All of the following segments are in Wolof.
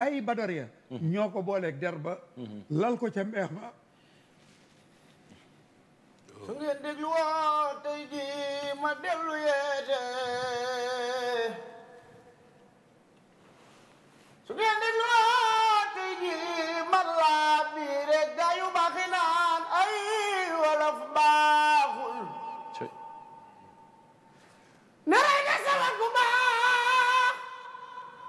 ay badar mm-hmm. ñoo ko booleeg der ba mm-hmm. lal ko ca mbeex ma su ngeen déglu woo tey ji ma dellu yeete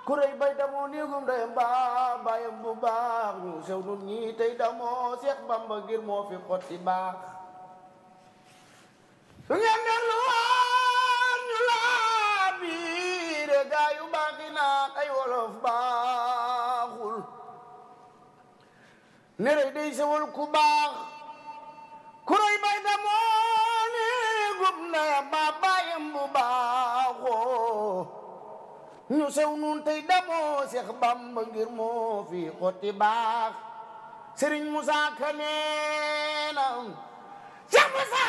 ku rëy bay damoo néegum ndeyam baax baayam bu baax ñu sew nun ñii tey damoo Seex Bamba ngir moo fi xotti baax su ngeen delluwaat ñu laa biire gaa yu baaxi naan ay wolof baaxul ne rëy day sewal ku baax ñu sew nun tey demoo Seex Bamba ngir moo fi xotti baax Sëriñ Musaa Ka nee na Seex Musaa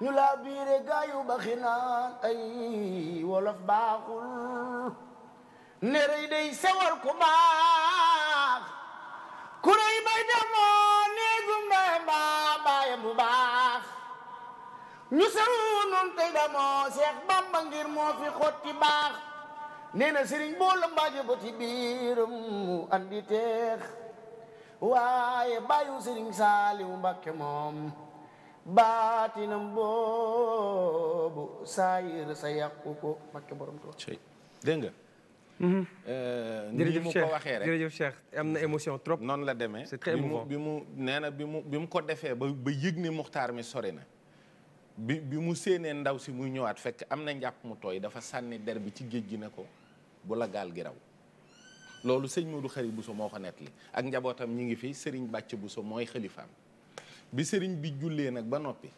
ñu laa gaayu ba ay wolof baaxul nerey day sewal ku baax bu baax ñu sawu nun tey damoo Seex Bamba ngir moo fi xotti baax nee na sëriñ boola mbaaje ba ci biiram mu andi teex waaye bàyyu sëriñ Saaliwu Mbàkke moom baatinam boobu saayir sa yàqu ko Mbàkke borom to dégg nga Mhm. Euh, nii mu ko waxee rek jërëjëf am na émotion trop. noonu la demee c'est très émouvant bi mu neena bi mu bi mu ko defee ba ba yëg ni Muxtaar mi sori na. bi bi mu séenee ndaw si muy ñëwaat fekk am na njàpp mu tooy dafa sànni der bi ci géej gi ne ko bu la gaal gi raw. loolu sëñ Modou Khari Bousso moo ko nettali ak njabootam ñi ngi fi Serigne Bàcc Bousso mooy xalifaam bi sëriñ bi jullee nag ba noppi